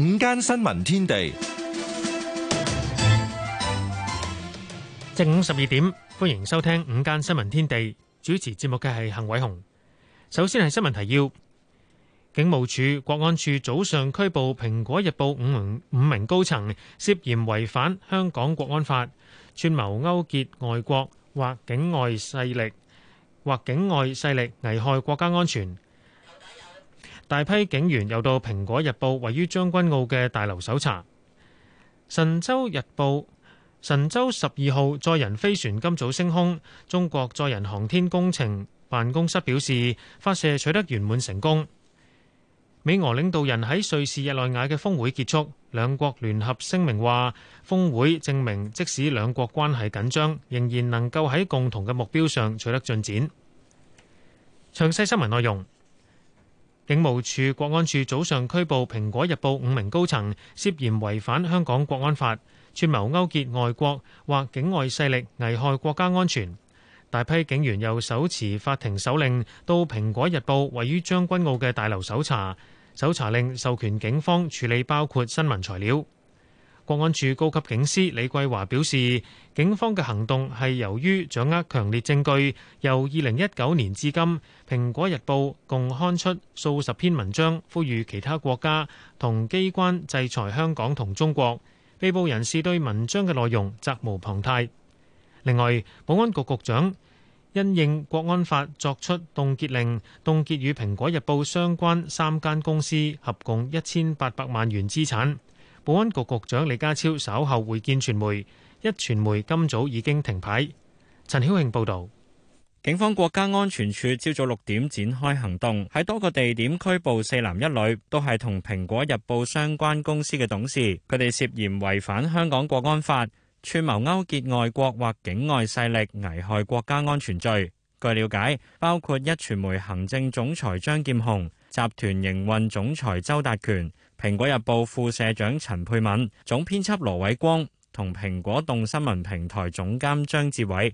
午間新聞天地，正午十二點，歡迎收聽午間新聞天地。主持節目嘅係幸偉雄。首先係新聞提要：警務處、國安處早上拘捕《蘋果日報》五名五名高層，涉嫌違反香港國安法，串謀勾結外國或境外勢力，或境外勢力危害國家安全。大批警員又到《蘋果日報》位於將軍澳嘅大樓搜查。《神州日報》：神舟十二號載人飛船今早升空，中國載人航天工程辦公室表示發射取得圓滿成功。美俄領導人喺瑞士日內瓦嘅峰會結束，兩國聯合聲明話，峰會證明即使兩國關係緊張，仍然能夠喺共同嘅目標上取得進展。詳細新聞內容。警務處國安處早上拘捕《蘋果日報》五名高層，涉嫌違反香港國安法，串謀勾結外國或境外勢力，危害國家安全。大批警員又手持法庭手令，到《蘋果日報》位於將軍澳嘅大樓搜查。搜查令授權警方處理包括新聞材料。國安處高級警司李桂華表示，警方嘅行動係由於掌握強烈證據。由二零一九年至今，《蘋果日報》共刊出數十篇文章，呼籲其他國家同機關制裁香港同中國。被捕人士對文章嘅內容責無旁貸。另外，保安局局長因應國安法作出凍結令，凍結與《蘋果日報》相關三間公司合共一千八百萬元資產。保安局局長李家超稍後會見傳媒，一傳媒今早已經停牌。陳曉慶報道，警方國家安全處朝早六點展開行動，喺多個地點拘捕四男一女，都係同《蘋果日報》相關公司嘅董事，佢哋涉嫌違反香港國安法，串謀勾結外國或境外勢力，危害國家安全罪。據了解，包括一傳媒行政總裁張劍虹、集團營運總裁周達權。蘋果日報副社長陳佩敏、總編輯羅偉光同蘋果動新聞平台總監張志偉，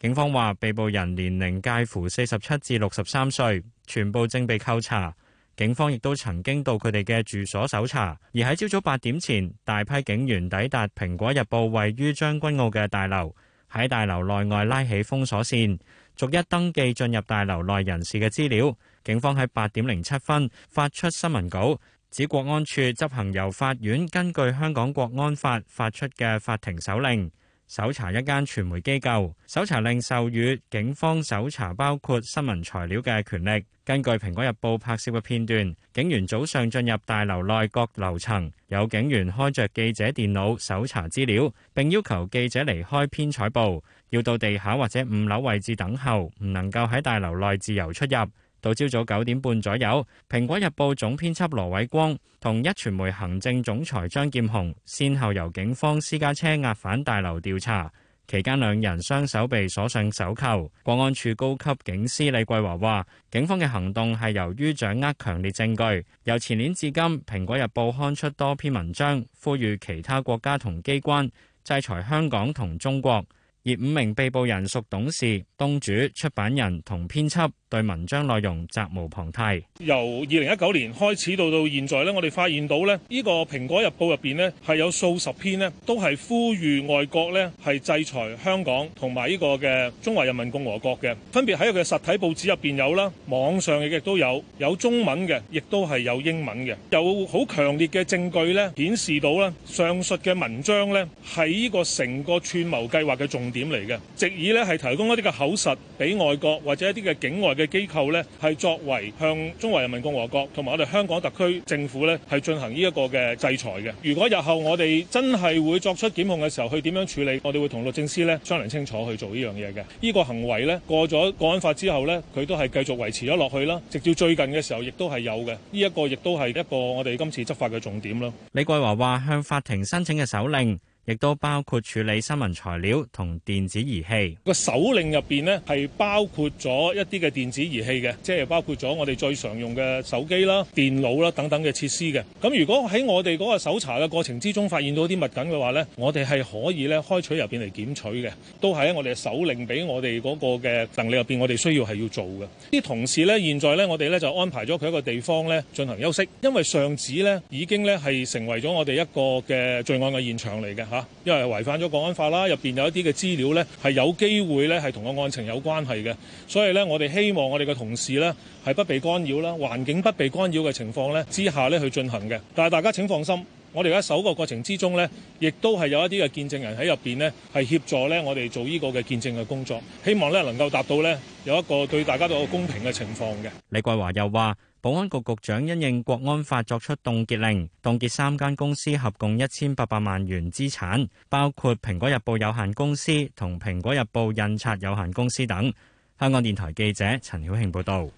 警方話被捕人年齡介乎四十七至六十三歲，全部正被扣查。警方亦都曾經到佢哋嘅住所搜查。而喺朝早八點前，大批警員抵達蘋果日報位於將軍澳嘅大樓，喺大樓內外拉起封鎖線，逐一登記進入大樓內人士嘅資料。警方喺八點零七分發出新聞稿。指國安處執行由法院根據香港國安法發出嘅法庭手令，搜查一間傳媒機構。搜查令授予警方搜查包括新聞材料嘅權力。根據《蘋果日報》拍攝嘅片段，警員早上進入大樓內各樓層，有警員開着記者電腦搜查資料，並要求記者離開編採部，要到地下或者五樓位置等候，唔能夠喺大樓內自由出入。到朝早九點半左右，《蘋果日報》總編輯羅偉光同一傳媒行政總裁張劍虹，先後由警方私家車押返大樓調查。期間，兩人雙手被鎖上手扣。國安處高級警司李桂華話，警方嘅行動係由於掌握強烈證據。由前年至今，《蘋果日報》刊出多篇文章，呼籲其他國家同機關制裁香港同中國。而五名被捕人屬董事、東主、出版人同編輯。對文章內容責無旁貸，由二零一九年開始到到現在咧，我哋發現到咧、這個，呢個蘋果日報入邊咧係有數十篇咧，都係呼籲外國咧係制裁香港同埋呢個嘅中華人民共和國嘅。分別喺佢嘅實體報紙入邊有啦，網上亦都有，有中文嘅，亦都係有英文嘅。有好強烈嘅證據咧，顯示到咧上述嘅文章咧係呢個成個串謀計劃嘅重點嚟嘅，藉以咧係提供一啲嘅口實俾外國或者一啲嘅境外嘅。機構呢係作為向中華人民共和國同埋我哋香港特區政府呢係進行呢一個嘅制裁嘅。如果日後我哋真係會作出檢控嘅時候，去點樣處理？我哋會同律政司呢商量清楚去做呢樣嘢嘅。呢個行為呢，過咗國安法之後呢，佢都係繼續維持咗落去啦。直至最近嘅時候，亦都係有嘅。呢一個亦都係一個我哋今次執法嘅重點咯。李桂華話，向法庭申請嘅手令。亦都包括處理新聞材料同電子儀器個手令入邊呢，係包括咗一啲嘅電子儀器嘅，即係包括咗我哋最常用嘅手機啦、電腦啦等等嘅設施嘅。咁如果喺我哋嗰個搜查嘅過程之中發現到啲物品嘅話呢，我哋係可以咧開取入邊嚟檢取嘅，都係喺我哋嘅手令俾我哋嗰個嘅能力入邊，我哋需要係要做嘅。啲同事呢，現在呢，我哋咧就安排咗佢一個地方呢進行休息，因為上址呢已經呢係成為咗我哋一個嘅罪案嘅現場嚟嘅。因為違反咗《國安法》啦，入邊有一啲嘅資料呢係有機會呢係同個案情有關係嘅，所以呢，我哋希望我哋嘅同事呢係不被干擾啦，環境不被干擾嘅情況咧之下呢去進行嘅，但係大家請放心。我哋而家搜個過程之中咧，亦都係有一啲嘅見證人喺入邊咧，係協助咧我哋做呢個嘅見證嘅工作，希望咧能夠達到咧有一個對大家都有公平嘅情況嘅。李桂華又話保安局局長因應《國安法》作出凍結令，凍結三間公司合共一千八百萬元資產，包括《蘋果日報》有限公司同《蘋果日報》印刷有限公司等。香港電台記者陳曉慶報道。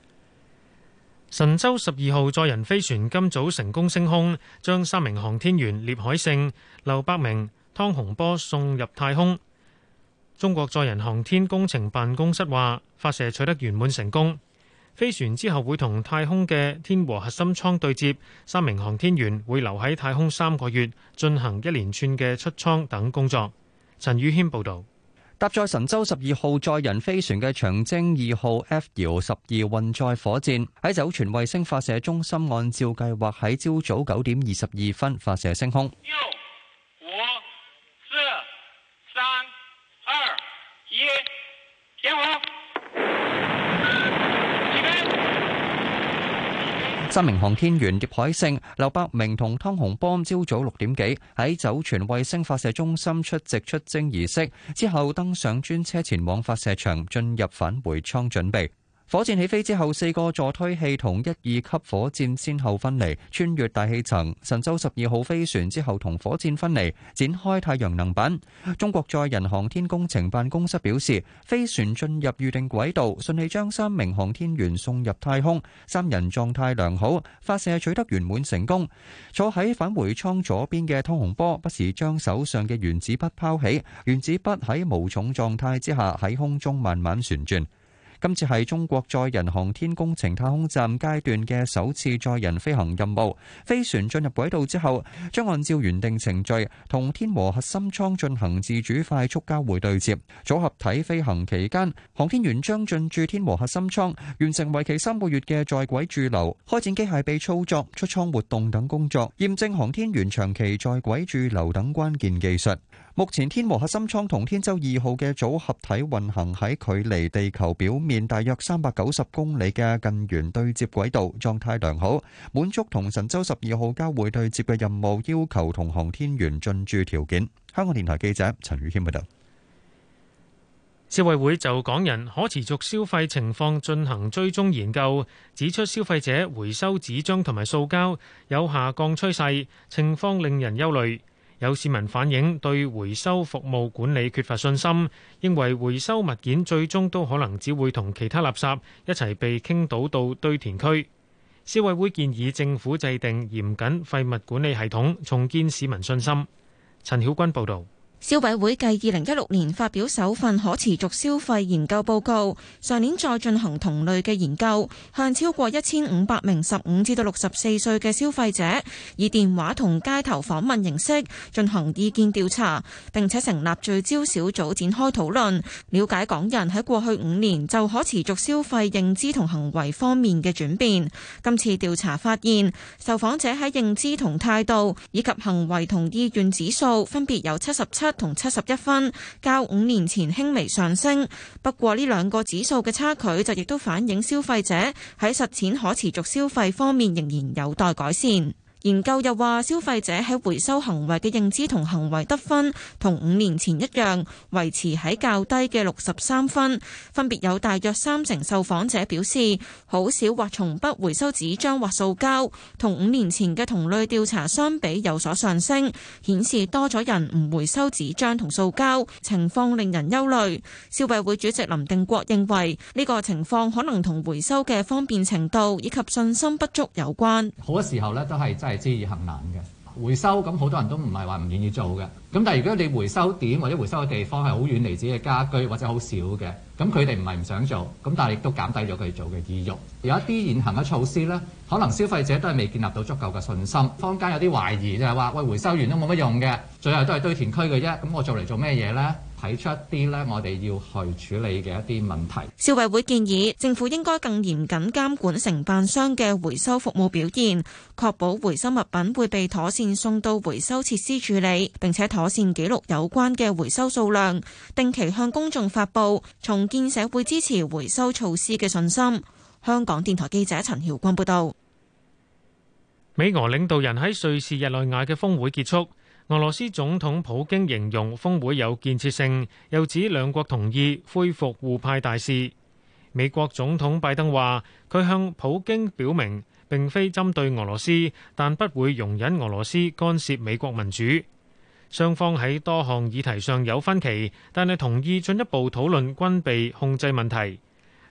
神舟十二號載人飛船今早成功升空，將三名航天員聶海勝、劉伯明、湯洪波送入太空。中國載人航天工程辦公室話，發射取得圓滿成功。飛船之後會同太空嘅天和核心艙對接，三名航天員會留喺太空三個月，進行一連串嘅出艙等工作。陳宇謙報道。搭載神舟十二號載人飛船嘅長征二號 F 遙十二運載火箭喺酒泉衛星發射中心按照計劃喺朝早九點二十二分發射升空。六、五、四、三、二、一，點火！三名航天員聶海勝、劉伯明同湯洪波朝早六點幾喺酒泉衛星發射中心出席出征儀式，之後登上專車前往發射場，進入返回艙準備。火箭起飛之後，四個助推器同一二級火箭先後分離，穿越大氣層。神舟十二號飛船之後同火箭分離，展開太陽能板。中國載人航天工程辦公室表示，飛船進入預定軌道，順利將三名航天員送入太空，三人狀態良好，發射取得圓滿成功。坐喺返回艙左邊嘅湯洪波，不時將手上嘅原子筆拋起，原子筆喺無重狀態之下喺空中慢慢旋轉。今次係中國載人航天工程太空站階段嘅首次載人飛行任務。飛船進入軌道之後，將按照原定程序同天和核心艙進行自主快速交會對接。組合體飛行期間，航天員將進駐天和核心艙，完成為期三個月嘅在軌駐留，開展機械臂操作、出艙活動等工作，驗證航天員長期在軌駐留等關鍵技術。目前天和核心艙同天舟二號嘅組合體運行喺距離地球表面大約三百九十公里嘅近圓對接軌道，狀態良好，滿足同神舟十二號交會對接嘅任務要求同航天員進駐條件。香港電台記者陳宇謙報道。消委會就港人可持續消費情況進行追蹤研究，指出消費者回收紙張同埋塑膠有下降趨勢，情況令人憂慮。有市民反映對回收服務管理缺乏信心，認為回收物件最終都可能只會同其他垃圾一齊被傾倒到堆填區，消委會建議政府制定嚴謹廢物管理系統，重建市民信心。陳曉君報道。消委會繼二零一六年發表首份可持續消費研究報告，上年再進行同類嘅研究，向超過一千五百名十五至到六十四歲嘅消費者，以電話同街頭訪問形式進行意見調查，並且成立聚焦小組展開討論，了解港人喺過去五年就可持續消費認知同行為方面嘅轉變。今次調查發現，受訪者喺認知同態度以及行為同意願指數分別有七十七同七十一分，較五年前輕微上升。不過呢兩個指數嘅差距就亦都反映消費者喺實踐可持續消費方面仍然有待改善。研究又話，消費者喺回收行為嘅認知同行為得分，同五年前一樣，維持喺較低嘅六十三分。分別有大約三成受訪者表示，好少或從不回收紙張或塑膠。同五年前嘅同類調查相比，有所上升，顯示多咗人唔回收紙張同塑膠情況，令人憂慮。消委會主席林定國認為，呢個情況可能同回收嘅方便程度以及信心不足有關。好多時候呢，都係真係。知易行難嘅回收，咁好多人都唔係話唔願意做嘅。咁但係如果你回收點或者回收嘅地方係好遠離自己嘅家居或者好少嘅，咁佢哋唔係唔想做，咁但係亦都減低咗佢哋做嘅意欲。有一啲現行嘅措施咧，可能消費者都係未建立到足夠嘅信心，坊間有啲懷疑就係話喂，回收完都冇乜用嘅，最後都係堆填區嘅啫。咁我做嚟做咩嘢咧？睇出一啲咧，我哋要去處理嘅一啲問題。消委會建議政府應該更嚴謹監管承辦商嘅回收服務表現，確保回收物品會被妥善送到回收設施處理，並且妥妥善記錄有關嘅回收數量，定期向公眾發佈，重建社會支持回收措施嘅信心。香港電台記者陳曉君報道。美俄領導人喺瑞士日內瓦嘅峰會結束，俄羅斯總統普京形容峰會有建設性，又指兩國同意恢復互派大使。美國總統拜登話，佢向普京表明，並非針對俄羅斯，但不會容忍俄羅斯干涉美國民主。雙方喺多項議題上有分歧，但係同意進一步討論軍備控制問題。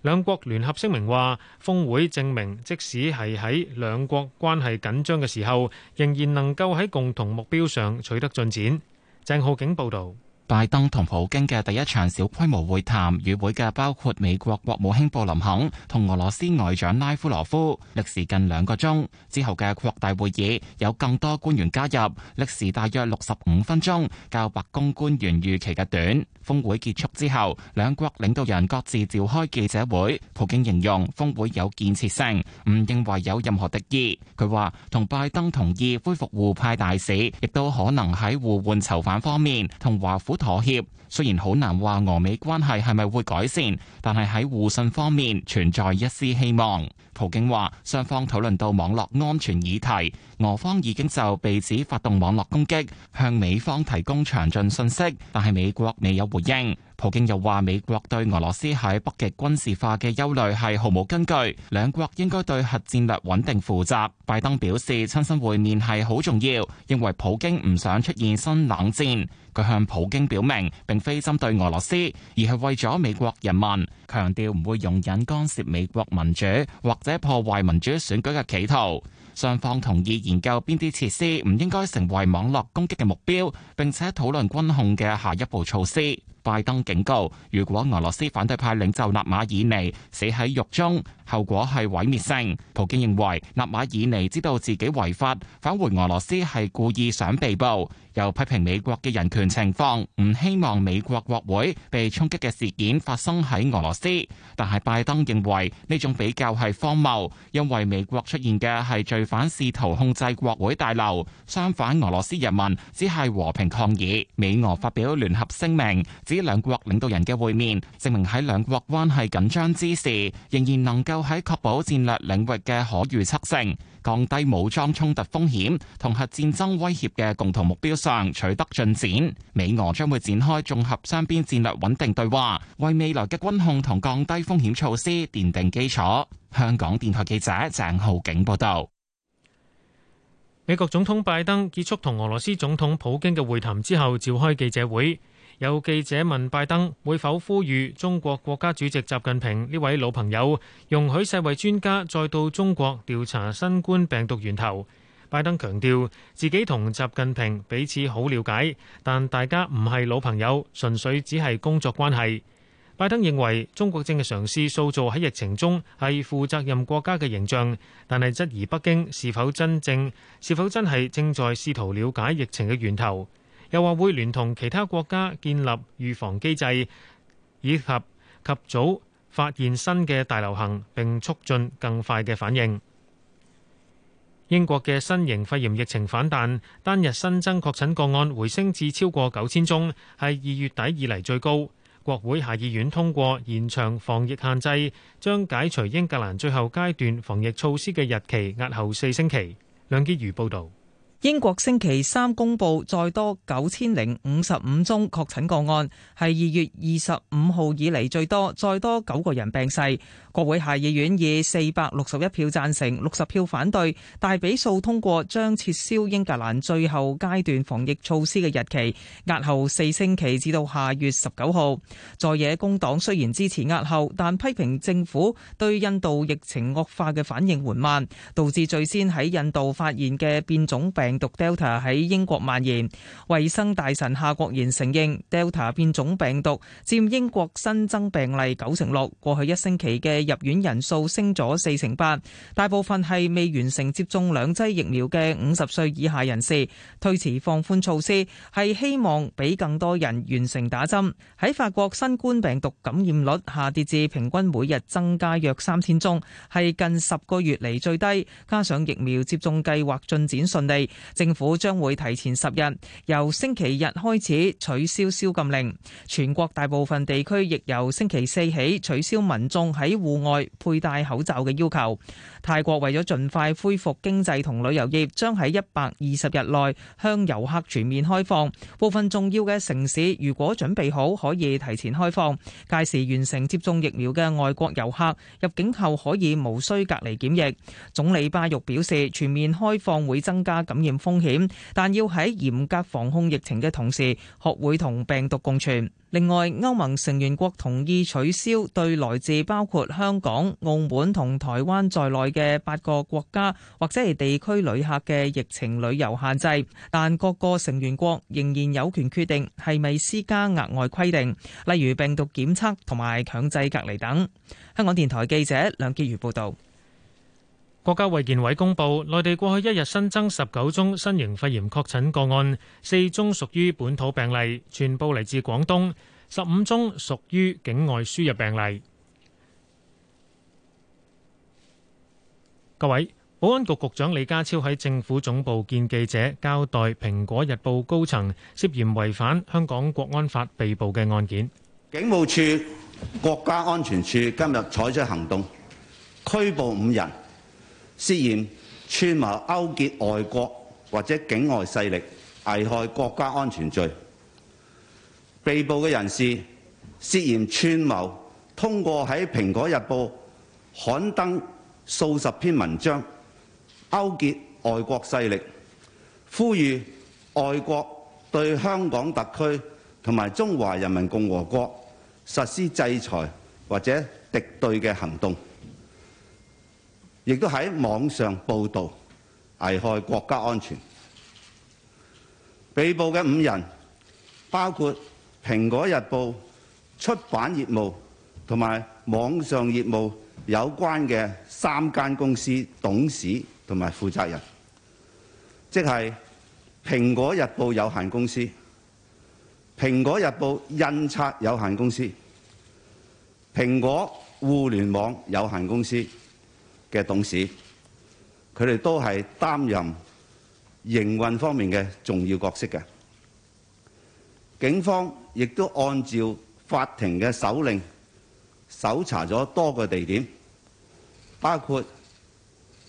兩國聯合聲明話，峰會證明即使係喺兩國關係緊張嘅時候，仍然能夠喺共同目標上取得進展。鄭浩景報導。拜登同普京嘅第一場小規模會談，與會嘅包括美國國務卿布林肯同俄羅斯外長拉夫羅夫，歷時近兩個鐘。之後嘅擴大會議有更多官員加入，歷時大約六十五分鐘，較白宮官員預期嘅短。峯會結束之後，兩國領導人各自召開記者會。普京形容峯會有建設性，唔認為有任何敵意。佢話同拜登同意恢復互派大使，亦都可能喺互換囚犯方面同華府妥協。雖然好難話，俄美關係係咪會改善，但係喺互信方面存在一絲希望。普京話，雙方討論到網絡安全議題，俄方已經就被指發動網絡攻擊向美方提供詳盡信息，但係美國未有回應。普京又話，美國對俄羅斯喺北極軍事化嘅憂慮係毫無根據，兩國應該對核戰略穩定負責。拜登表示，親身會面係好重要，認為普京唔想出現新冷戰。佢向普京表明，並非針對俄羅斯，而係為咗美國人民，強調唔會容忍干涉美國民主或者破壞民主選舉嘅企圖，雙方同意研究邊啲設施唔應該成為網絡攻擊嘅目標，並且討論軍控嘅下一步措施。拜登警告：如果俄羅斯反對派領袖納馬爾尼死喺獄中，後果係毀滅性。普京認為納馬爾尼知道自己違法，返回俄羅斯係故意想被捕。又批評美國嘅人權情況，唔希望美國國會被衝擊嘅事件發生喺俄羅斯。但係拜登認為呢種比較係荒謬，因為美國出現嘅係罪犯試圖控制國會大樓，相反俄羅斯人民只係和平抗議。美俄發表聯合聲明。呢兩國領導人嘅會面，證明喺兩國關係緊張之時，仍然能夠喺確保戰略領域嘅可預測性、降低武裝衝突風險同核戰爭威脅嘅共同目標上取得進展。美俄將會展開綜合雙邊戰略穩定對話，為未來嘅軍控同降低風險措施奠定基礎。香港電台記者鄭浩景報道。美國總統拜登結束同俄羅斯總統普京嘅會談之後，召開記者會。有記者問拜登會否呼籲中國國家主席習近平呢位老朋友容許世衛專家再到中國調查新冠病毒源頭，拜登強調自己同習近平彼此好了解，但大家唔係老朋友，純粹只係工作關係。拜登認為中國正係嘗試塑造喺疫情中係負責任國家嘅形象，但係質疑北京是否真正，是否真係正，正在試圖了解疫情嘅源頭。又話會聯同其他國家建立預防機制，以及及早發現新嘅大流行，並促進更快嘅反應。英國嘅新型肺炎疫情反彈，單日新增確診個案回升至超過九千宗，係二月底以嚟最高。國會下議院通過延長防疫限制，將解除英格蘭最後階段防疫措施嘅日期押後四星期。梁潔如報道。英國星期三公布再多九千零五十五宗確診個案，係二月二十五號以嚟最多，再多九個人病逝。國會下議院以四百六十一票贊成，六十票反對，大比數通過將撤銷英格蘭最後階段防疫措施嘅日期，押後四星期至到下月十九號。在野工黨雖然支持押後，但批評政府對印度疫情惡化嘅反應緩慢，導致最先喺印度發現嘅變種病。病毒 Delta 喺英國蔓延，衛生大臣夏國賢承認 Delta 變種病毒佔英國新增病例九成六。過去一星期嘅入院人數升咗四成八，大部分係未完成接種兩劑疫苗嘅五十歲以下人士。推遲放寬措施係希望俾更多人完成打針。喺法國，新冠病毒感染率下跌至平均每日增加約三千宗，係近十個月嚟最低。加上疫苗接種計劃進展順利。政府將會提前十日，由星期日開始取消宵禁令。全國大部分地區亦由星期四起取消民眾喺戶外佩戴口罩嘅要求。泰國為咗盡快恢復經濟同旅遊業，將喺一百二十日內向遊客全面開放。部分重要嘅城市如果準備好，可以提前開放。屆時完成接種疫苗嘅外國遊客入境後可以無需隔離檢疫。總理巴育表示，全面開放會增加感風險，但要喺嚴格防控疫情嘅同時，學會同病毒共存。另外，歐盟成員國同意取消對來自包括香港、澳門同台灣在內嘅八個國家或者係地區旅客嘅疫情旅遊限制，但各個成員國仍然有權決定係咪施加額外規定，例如病毒檢測同埋強制隔離等。香港電台記者梁潔如報道。國家衛健委公布，內地過去一日新增十九宗新型肺炎確診個案，四宗屬於本土病例，全部嚟自廣東；十五宗屬於境外輸入病例。各位，保安局局長李家超喺政府總部見記者，交代《蘋果日報》高層涉嫌違反香港國安法被捕嘅案件。警務處、國家安全處今日採取行動，拘捕五人。涉嫌串謀勾結外國或者境外勢力危害國家安全罪，被捕嘅人士涉嫌串謀通過喺《蘋果日報》刊登數十篇文章，勾結外國勢力，呼籲外國對香港特區同埋中華人民共和國實施制裁或者敵對嘅行動。亦都喺網上報道危害國家安全，被捕嘅五人包括《蘋果日報》出版業務同埋網上業務有關嘅三間公司董事同埋負責人，即係《蘋果日報有限公司》、《蘋果日報印刷有限公司》、《蘋果互聯網有限公司》嘅董事，佢哋都係擔任營運方面嘅重要角色嘅。警方亦都按照法庭嘅手令，搜查咗多個地點，包括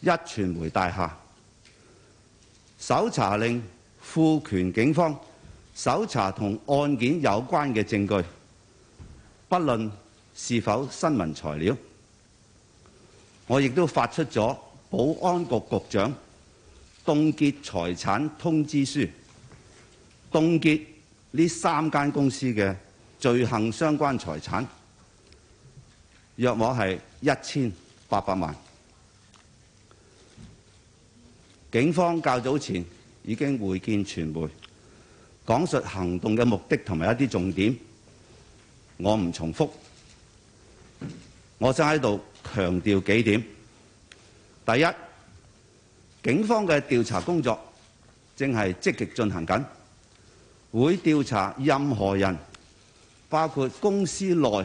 壹傳媒大廈。搜查令賦權警方搜查同案件有關嘅證據，不論是否新聞材料。我亦都發出咗保安局局長凍結財產通知書，凍結呢三間公司嘅罪行相關財產，約莫係一千八百萬。警方較早前已經會見傳媒，講述行動嘅目的同埋一啲重點。我唔重複，我想喺度，強調幾點：第一，警方嘅調查工作正係積極進行緊，會調查任何人，包括公司內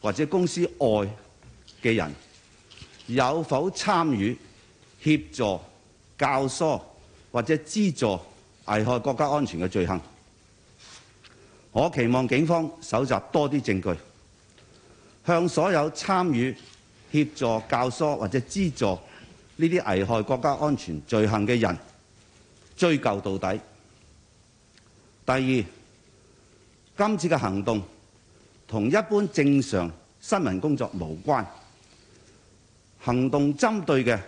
或者公司外嘅人，有否參與、協助、教唆或者資助危害國家安全嘅罪行。我期望警方搜集多啲證據，向所有參與協助、教唆或者資助呢啲危害國家安全罪行嘅人追究到底。第二，今次嘅行動同一般正常新聞工作無關，行動針對嘅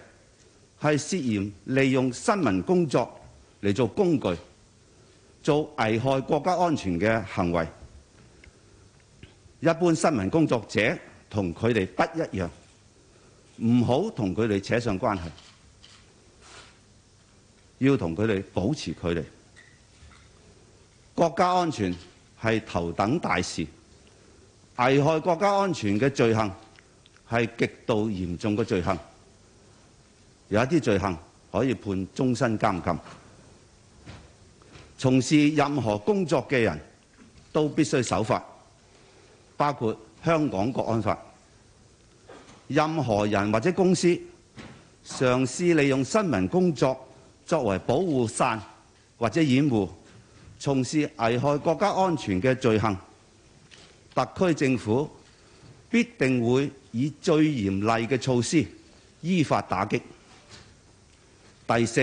係涉嫌利用新聞工作嚟做工具，做危害國家安全嘅行為。一般新聞工作者同佢哋不一樣。唔好同佢哋扯上關係，要同佢哋保持距離。國家安全係頭等大事，危害國家安全嘅罪行係極度嚴重嘅罪行，有一啲罪行可以判終身監禁。從事任何工作嘅人都必須守法，包括香港國安法。任何人或者公司嘗試利用新聞工作作為保護傘或者掩護，從事危害國家安全嘅罪行，特區政府必定會以最嚴厲嘅措施依法打擊。第四，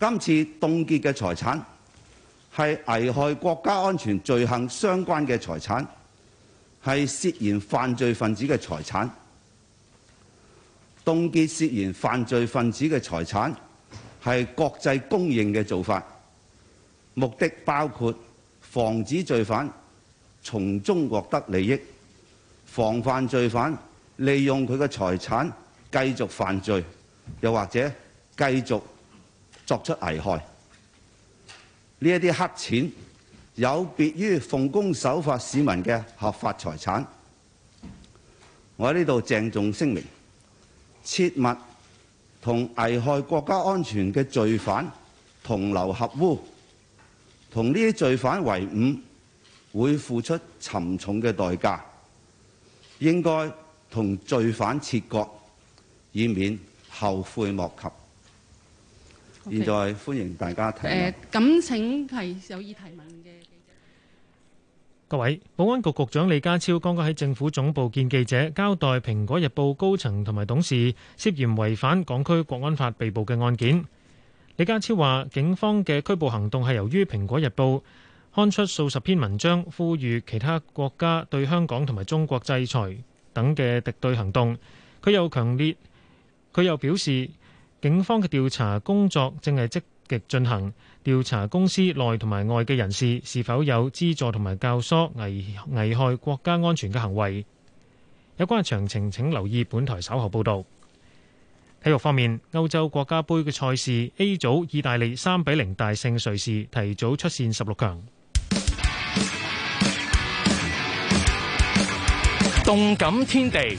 今次凍結嘅財產係危害國家安全罪行相關嘅財產，係涉嫌犯罪分子嘅財產。凍結涉嫌犯罪分子嘅財產係國際公認嘅做法，目的包括防止罪犯從中獲得利益，防範罪犯利用佢嘅財產繼續犯罪，又或者繼續作出危害。呢一啲黑錢有別於奉公守法市民嘅合法財產。我喺呢度鄭重聲明。切勿同危害國家安全嘅罪犯同流合污，同呢啲罪犯為伍，會付出沉重嘅代價，應該同罪犯切割，以免後悔莫及。Okay. 現在歡迎大家提問。誒，咁請係有意提問。各位，保安局局長李家超剛剛喺政府總部見記者，交代蘋果日報高層同埋董事涉嫌違反港區國安法被捕嘅案件。李家超話，警方嘅拘捕行動係由於蘋果日報刊出數十篇文章，呼吁其他國家對香港同埋中國制裁等嘅敵對行動。佢又強烈，佢又表示，警方嘅調查工作正係積極進行調查，公司內同埋外嘅人士是否有資助同埋教唆危危害國家安全嘅行為。有關詳情，請留意本台稍後報道。體育方面，歐洲國家杯嘅賽事 A 組，意大利三比零大勝瑞士，提早出線十六強。動感天地。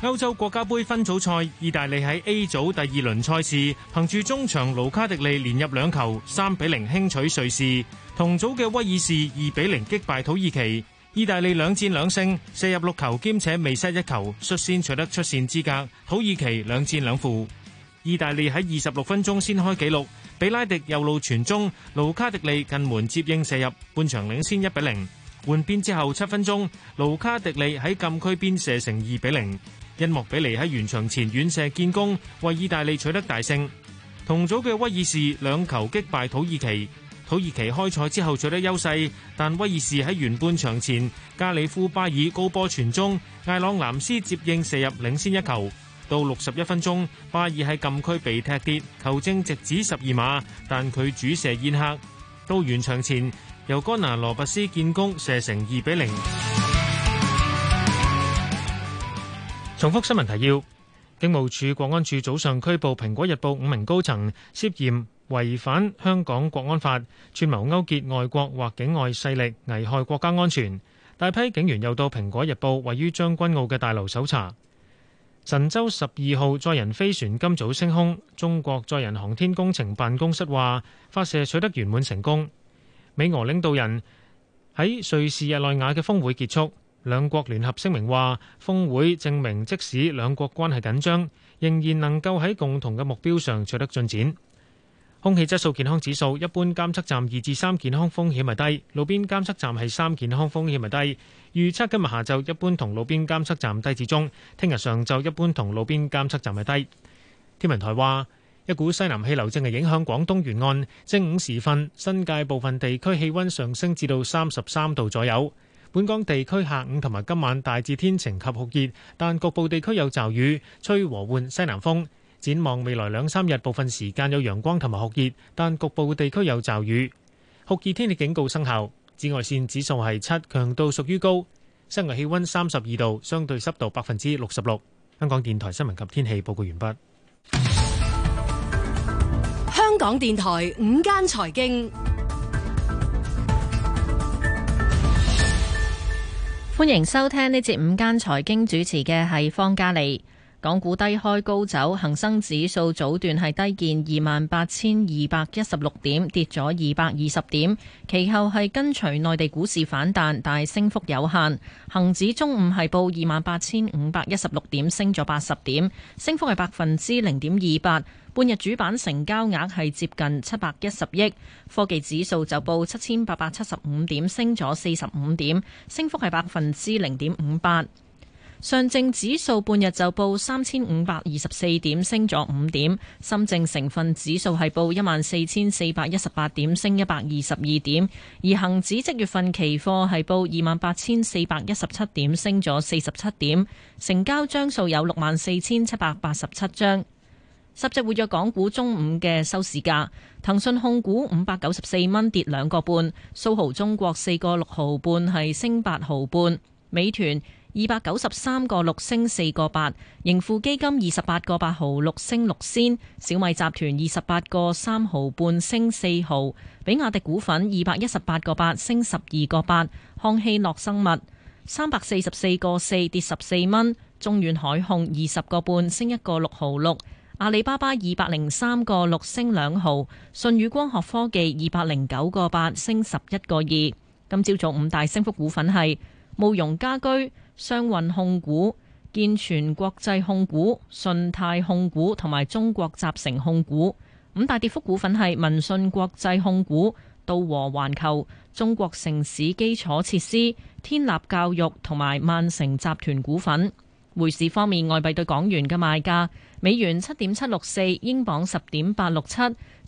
歐洲國家盃分組賽，意大利喺 A 組第二輪賽事，憑住中場盧卡迪利連入兩球，三比零輕取瑞士。同組嘅威爾士二比零擊敗土耳其。意大利兩戰兩勝，射入六球，兼且未失一球，率先取得出線資格。土耳其兩戰兩負。意大利喺二十六分鐘先開紀錄，比拉迪右路傳中，盧卡迪利近門接應射入，半場領先一比零。換邊之後七分鐘，盧卡迪利喺禁區邊射成二比零。0, 因莫比尼喺完場前遠射建功，為意大利取得大勝。同組嘅威爾士兩球擊敗土耳其。土耳其開賽之後取得優勢，但威爾士喺完半場前，加里夫巴爾高波傳中，艾朗藍斯接應射入領先一球。到六十一分鐘，巴爾喺禁區被踢跌，球證直指十二碼，但佢主射宴客。到完場前，由哥拿羅拔斯建功，射成二比零。重複新聞提要：警務處國安處早上拘捕《蘋果日報》五名高層，涉嫌違反香港國安法，串謀勾結外國或境外勢力，危害國家安全。大批警員又到《蘋果日報》位於將軍澳嘅大樓搜查。神舟十二號載人飛船今早升空，中國載人航天工程辦公室話發射取得圓滿成功。美俄領導人喺瑞士日內瓦嘅峰會結束。兩國聯合聲明話，峰會證明即使兩國關係緊張，仍然能夠喺共同嘅目標上取得進展。空氣質素健康指數，一般監測站二至三健康風險係低，路邊監測站係三健康風險係低。預測今日下晝一般同路邊監測站低至中，聽日上晝一般同路邊監測站係低。天文台話，一股西南氣流正係影響廣東沿岸，正午時分新界部分地區氣溫上升至到三十三度左右。本港地區下午同埋今晚大致天晴及酷熱，但局部地區有驟雨，吹和緩西南風。展望未來兩三日，部分時間有陽光同埋酷熱，但局部地區有驟雨。酷熱天氣警告生效，紫外線指數係七，強度屬於高。室外氣溫三十二度，相對濕度百分之六十六。香港電台新聞及天氣報告完畢。香港電台午間財經。歡迎收聽呢節午間財經，主持嘅係方嘉莉。港股低開高走，恒生指數早段係低見二萬八千二百一十六點，跌咗二百二十點。其後係跟隨內地股市反彈，但係升幅有限。恒指中午係報二萬八千五百一十六點，升咗八十點，升幅係百分之零點二八。半日主板成交額係接近七百一十億。科技指數就報七千八百七十五點，升咗四十五點，升幅係百分之零點五八。上證指數半日就報三千五百二十四點，升咗五點。深證成分指數係報一萬四千四百一十八點，升一百二十二點。而恒指即月份期貨係報二萬八千四百一十七點，升咗四十七點。成交張數有六萬四千七百八十七張。十隻活躍港股中午嘅收市價，騰訊控股五百九十四蚊，跌兩個半，蘇豪中國四個六毫半，係升八毫半，美團。二百九十三個六升四個八，盈富基金二十八個八毫六升六仙，小米集團二十八個三毫半升四毫，比亞迪股份二百一十八個八升十二個八，康希諾生物三百四十四個四跌十四蚊，中遠海控二十個半升一個六毫六，阿里巴巴二百零三個六升兩毫，舜宇光學科技二百零九個八升十一個二。今朝早五大升幅股份係慕容家居。商運控股、健全國際控股、信泰控股同埋中國集成控股。五大跌幅股份係民信國際控股、道和環球、中國城市基礎設施、天立教育同埋萬城集團股份。匯市方面，外幣對港元嘅賣價：美元七點七六四，英鎊十點八六七，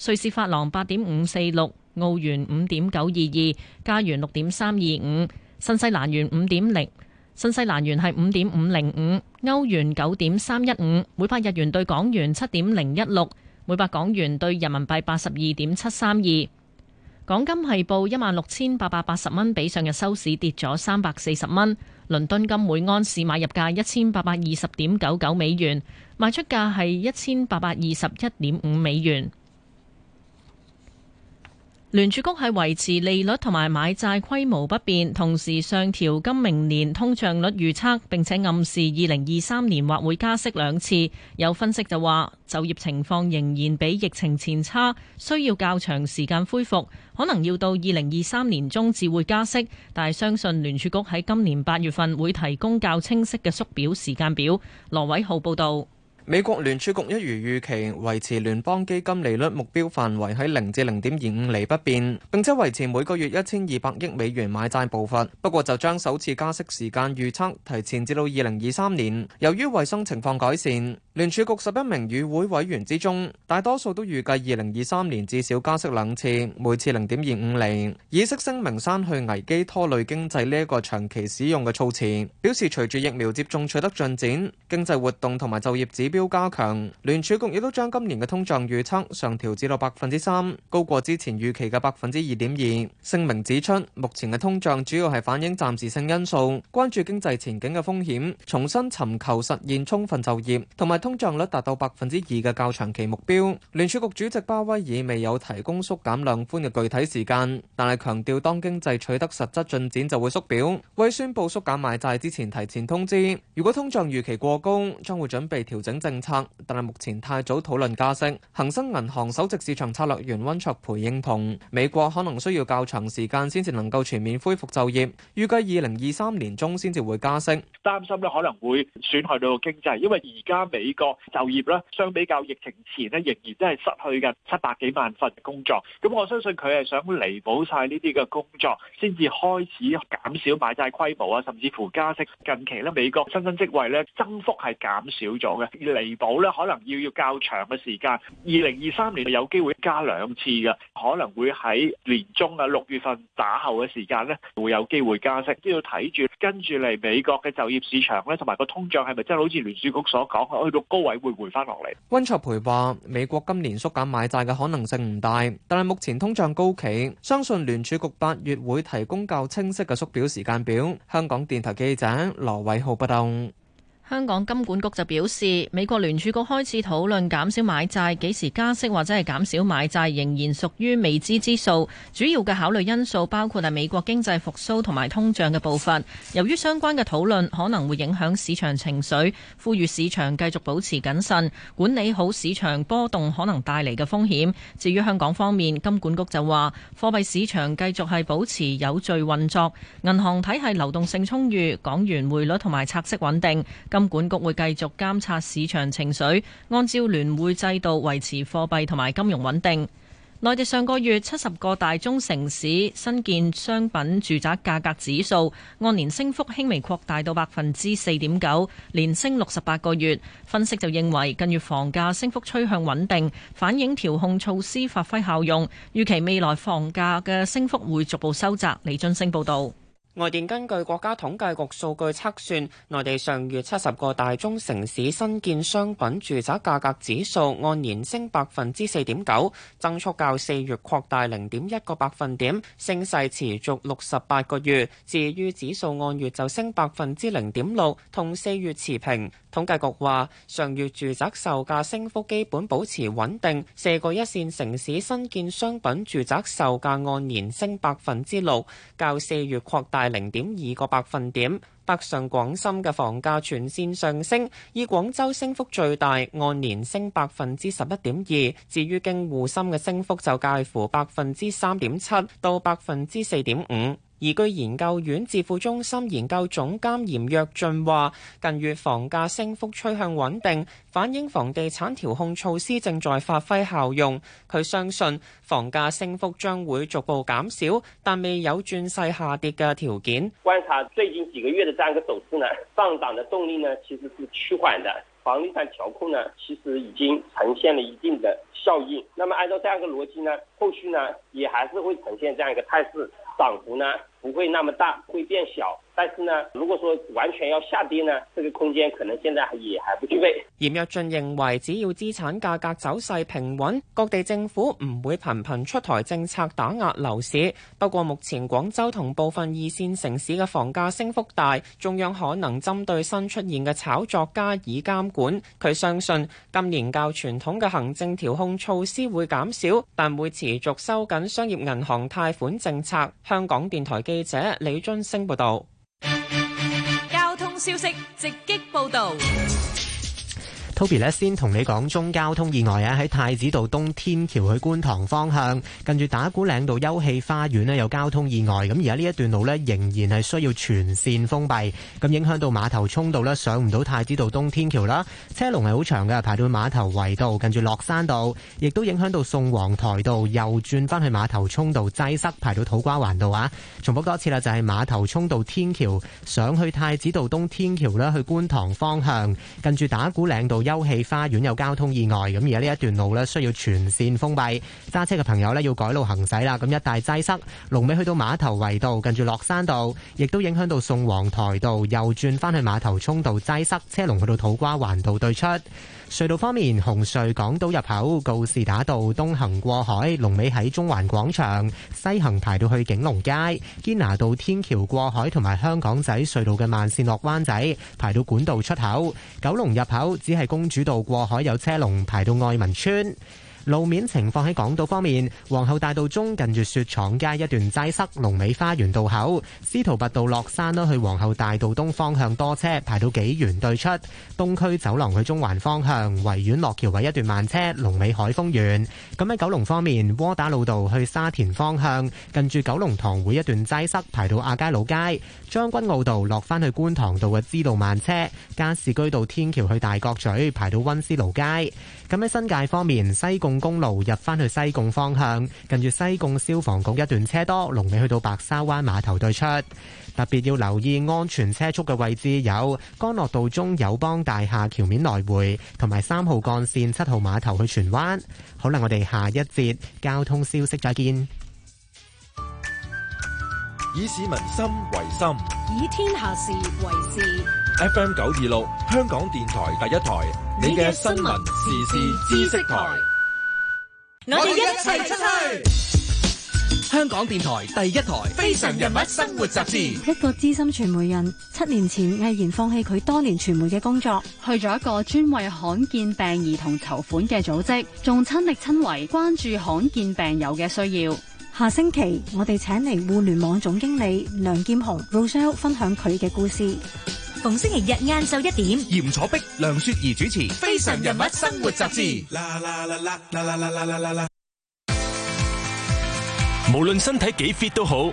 瑞士法郎八點五四六，澳元五點九二二，加元六點三二五，新西蘭元五點零。新西蘭元係五點五零五，歐元九點三一五，每百日元對港元七點零一六，每百港元對人民幣八十二點七三二。港金係報一萬六千八百八十蚊，比上日收市跌咗三百四十蚊。倫敦金每安士買入價一千八百二十點九九美元，賣出價係一千八百二十一點五美元。聯儲局係維持利率同埋買債規模不變，同時上調今明年通脹率預測，並且暗示二零二三年或會加息兩次。有分析就話，就業情況仍然比疫情前差，需要較長時間恢復，可能要到二零二三年中至會加息。但係相信聯儲局喺今年八月份會提供較清晰嘅縮表時間表。羅偉浩報導。美國聯儲局一如預期維持聯邦基金利率目標範圍喺零至零點二五厘不變，並且維持每個月一千二百億美元買債步伐。不過就將首次加息時間預測提前至到二零二三年。由於衛生情況改善，聯儲局十一名與會委員之中，大多數都預計二零二三年至少加息兩次，每次零點二五厘，以息聲明刪去危機拖累經濟呢一個長期使用嘅措辭，表示隨住疫苗接種取得進展，經濟活動同埋就業指目標加強，聯儲局亦都將今年嘅通脹預測上調至到百分之三，高過之前預期嘅百分之二點二。聲明指出，目前嘅通脹主要係反映暫時性因素，關注經濟前景嘅風險，重新尋求實現充分就業同埋通脹率達到百分之二嘅較長期目標。聯儲局主席鮑威爾未有提供縮減量寬嘅具體時間，但係強調當經濟取得實質進展就會縮表，為宣佈縮減，減買債之前提前通知。如果通脹預期過高，將會準備調整。政策，但係目前太早討論加息。恒生銀行首席市場策略員温卓培認同，美國可能需要較長時間先至能夠全面恢復就業，預計二零二三年中先至會加息。擔心呢可能會損害到經濟，因為而家美國就業咧相比較疫情前咧仍然真係失去嘅七百幾萬份工作。咁我相信佢係想彌補晒呢啲嘅工作，先至開始減少買債規模啊，甚至乎加息。近期咧美國新增職位咧增幅係減少咗嘅。彌補咧，可能要要較長嘅時間。二零二三年有機會加兩次嘅，可能會喺年中啊六月份打後嘅時間咧，會有機會加息。都要睇住跟住嚟美國嘅就業市場咧，同埋個通脹係咪真係好似聯儲局所講，去到高位會回翻落嚟。温卓培話：美國今年縮減買債嘅可能性唔大，但係目前通脹高企，相信聯儲局八月會提供較清晰嘅縮表時間表。香港電台記者羅偉浩報道。香港金管局就表示，美國聯儲局開始討論減少買債幾時加息或者係減少買債仍然屬於未知之數，主要嘅考慮因素包括係美國經濟復蘇同埋通脹嘅步伐。由於相關嘅討論可能會影響市場情緒，呼籲市場繼續保持謹慎，管理好市場波動可能帶嚟嘅風險。至於香港方面，金管局就話貨幣市場繼續係保持有序運作，銀行體系流動性充裕，港元匯率同埋拆息穩定。金管局會繼續監察市場情緒，按照聯會制度維持貨幣同埋金融穩定。內地上個月七十個大中城市新建商品住宅價格指數按年升幅輕微擴大到百分之四點九，連升六十八個月。分析就認為，近月房價升幅趨向穩定，反映調控措施發揮效用。預期未來房價嘅升幅會逐步收窄。李津升報道。外電根據國家統計局數據測算，內地上月七十個大中城市新建商品住宅價格指數按年升百分之四點九，增速較四月擴大零點一個百分點，升勢持續六十八個月。至於指數按月就升百分之零點六，同四月持平。統計局話上月住宅售價升幅基本保持穩定，四個一線城市新建商品住宅售價按年升百分之六，較四月擴大零點二個百分點。北上廣深嘅房價全線上升，以廣州升幅最大，按年升百分之十一點二，至於京滬深嘅升幅就介乎百分之三點七到百分之四點五。而易居研究院智庫中心研究總監嚴躍進話，近月房價升幅趨向穩定，反映房地產調控措施正在發揮效用。佢相信房價升幅將會逐步減少，但未有轉勢下跌嘅條件。觀察最近幾個月嘅這樣一個走勢呢，上漲嘅動力呢其實是趨緩的，房地產調控呢其實已經呈現了一定的。效應，那麼按照這樣一個邏輯呢，後續呢也還是會呈現這樣一個態勢，漲幅呢不會那麼大，會變小。但是呢，如果說完全要下跌呢，這個空間可能現在也還不具備。嚴躍進認為，只要資產價格走勢平穩，各地政府唔會頻頻出台政策打壓樓市。不過目前廣州同部分二線城市嘅房價升幅大，中央可能針對新出現嘅炒作加以監管。佢相信今年較傳統嘅行政調控。措施會減少，但會持續收緊商業銀行貸款政策。香港電台記者李津升報導。交通消息直擊報導。Toby 咧先同你講中交通意外啊！喺太子道東天橋去觀塘方向，近住打鼓嶺道休憩花園咧有交通意外，咁而家呢一段路咧仍然係需要全線封閉，咁影響到馬頭涌道咧上唔到太子道東天橋啦，車龍係好長嘅，排到馬頭圍道，近住落山道，亦都影響到宋皇台道右轉翻去馬頭涌道擠塞，排到土瓜灣道啊！重複多次啦，就係、是、馬頭涌道天橋，上去太子道東天橋啦，去觀塘方向，近住打鼓嶺道。休憩花園有交通意外，咁而家呢一段路咧需要全線封閉，揸車嘅朋友咧要改路行駛啦。咁一帶擠塞，龍尾去到碼頭圍道，近住落山道，亦都影響到宋皇台道右轉返去碼頭涌道擠塞，車龍去到土瓜灣道對出。隧道方面，紅隧港島入口告士打道東行過海，龍尾喺中環廣場；西行排到去景隆街，堅拿道天橋過海同埋香港仔隧道嘅慢線落灣仔排到管道出口。九龍入口只係公主道過海有車龍排到愛民村。路面情況喺港島方面，皇后大道中近住雪廠街一段擠塞，龍尾花園道口；司徒拔道落山啦，去皇后大道東方向多車，排到幾元對出；東區走廊去中環方向，維園落橋位一段慢車，龍尾海峯園。咁喺九龍方面，窩打老道去沙田方向，近住九龍塘會一段擠塞，排到亞皆老街；將軍澳道落翻去觀塘道嘅支路慢車；加士居道天橋去大角咀，排到溫斯勞街。咁喺新界方面，西貢公路入返去西貢方向，近住西貢消防局一段車多，龍尾去到白沙灣碼頭對出。特別要留意安全車速嘅位置有：干諾道中友邦大廈橋面來回，同埋三號幹線七號碼頭去荃灣。好啦，我哋下一節交通消息再見。以市民心為心，以天下事為事。FM 九二六，香港電台第一台，你嘅新聞時事知識台。我哋一齊出去。香港電台第一台，非常人物生活雜誌。一個資深傳媒人，七年前毅然放棄佢多年傳媒嘅工作，去咗一個專為罕見病兒童籌款嘅組織，仲親力親為關注罕見病友嘅需要。下星期我哋請嚟互聯網總經理梁劍雄 Rochelle 分享佢嘅故事。逢星期日晏晝一點，嚴楚碧、梁雪兒主持《非常人物生活雜誌》。啦啦啦啦啦啦啦啦啦！無論身體幾 fit 都好。